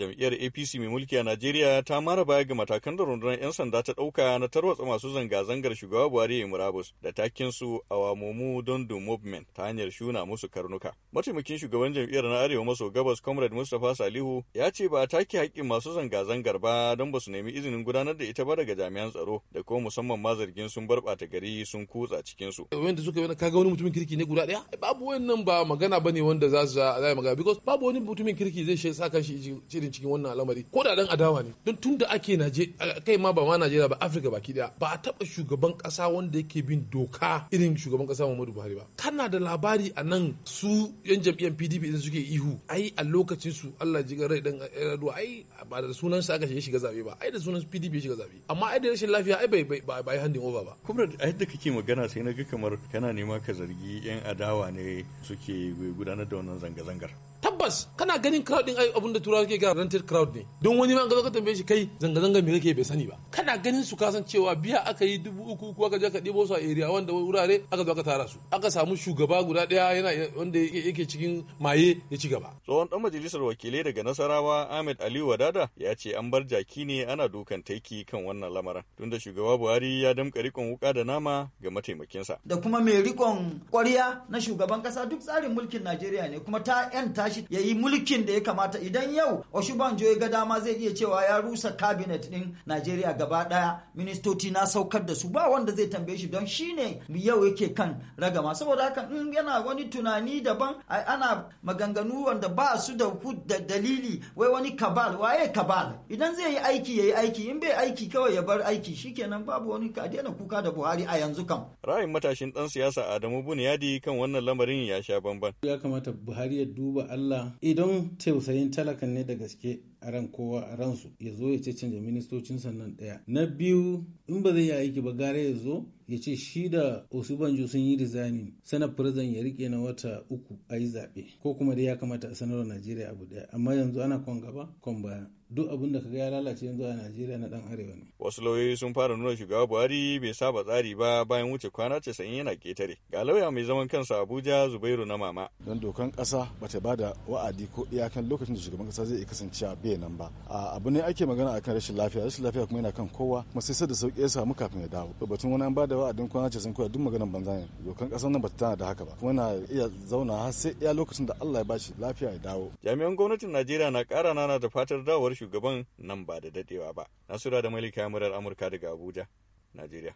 jam'iyyar apc mai mulki a najeriya ta mara baya ga matakan da rundunar 'yan sanda ta ɗauka na tarwatsa masu zanga-zangar shugaba buhari ya murabus da takinsu a wamomu don movement ta hanyar shuna musu karnuka mataimakin shugaban jam'iyyar na arewa maso gabas comrade mustapha salihu ya ce ba a take haƙƙin masu zanga-zangar ba don ba su nemi izinin gudanar da ita ba daga jami'an tsaro da kuma musamman ma zargin sun barbata gari sun kutsa cikinsu. wanda suka yi kaga wani mutumin kirki ne guda ɗaya babu wannan ba magana ba ne wanda za su za magana because babu wani mutumin kirki zai sa kan shi mutum cikin wannan al'amari ko da dan adawa ne don tun da ake kai ma ba ma najeriya ba afirka baki daya ba a taba shugaban kasa wanda yake bin doka irin shugaban kasa muhammadu buhari ba kana da labari a nan su yan jam'iyyar pdp idan suke ihu ai a lokacin su allah ji rai dan yaradu ai ba da sunan sa aka shiga zabe ba ai da sunan pdp ya shiga zabe amma ai da rashin lafiya ai bai bai bai handing over ba kuma a yadda kake magana sai na ga kamar kana nema ka zargi yan adawa ne suke gudanar da wannan zanga-zangar tabbas kana ganin crowd din ai abin da turawa ke kira rented crowd ne don wani ma gaba ka tambaye shi kai zanga zanga me kake bai sani ba kana ganin su kasan cewa biya aka yi dubu uku ko aka je ka dibo su a area wanda wurare aka zo aka tara su aka samu shugaba guda daya yana wanda yake cikin maye ya ci gaba tsohon dan majalisar wakilai daga Nasarawa Ahmed Aliyu Wadada ya ce an bar jaki ne ana dukan taiki kan wannan lamarin tunda shugaba Buhari ya damka rikon wuka da nama ga mataimakinsa da kuma mai rikon kwariya na shugaban kasa duk tsarin mulkin Najeriya ne kuma ta yan tashi ya yi mulkin da ya kamata idan yau Oshibanjo ya ga dama zai iya cewa ya rusa cabinet din Najeriya gaba daya ministoci na saukar da su ba wanda zai tambaye shi don shine yau yake kan ragama saboda haka in yana wani tunani daban ana maganganu wanda ba su da dalili wai wani kabal waye kabal idan zai yi aiki ya yi aiki in bai aiki kawai ya bar aiki shikenan babu wani ka daina kuka da Buhari a yanzu kam ra'ayin matashin dan siyasa Adamu Buniyadi kan wannan lamarin ya sha bamban ya kamata Buhari ya duba Allah idan tausayin talakan ne da gaske aran ran kowa a ransu ya zo ya ce canja ministocin sannan daya na biyu in ba zai yi aiki ba gara ya zo ya ce shi da osibanjo sun yi resigning sanar firzan ya rike na wata uku a yi zaɓe ko kuma dai ya kamata a sanarwa najeriya abu ɗaya amma yanzu ana kwan gaba kwan baya duk abin da kaga ya lalace yanzu a Najeriya na dan arewa ne. Wasu lauyoyi sun fara nuna shugaba Buhari bai saba tsari ba bayan wuce kwana casa'in yana ketare. Ga lauya mai zaman kansa Abuja Zubairu na mama. Don dokan kasa bata da wa'adi ko iyakan lokacin da shugaban kasa zai iya kasancewa bai nan ba abu ne ake magana akan rashin lafiya rashin lafiya kuma yana kan kowa kuma sai sai da sauki ya samu kafin ya dawo batun wani an bada wa'adin kwana ce sun koya duk magana banza ne dokan kasan nan ba ta da haka ba kuma na iya zauna har sai iya lokacin da Allah ya bashi lafiya ya dawo jami'an gwamnatin Najeriya na ƙara nana da fatar dawowar shugaban nan ba da dadewa ba Nasura da Malika murar Amurka daga Abuja Najeriya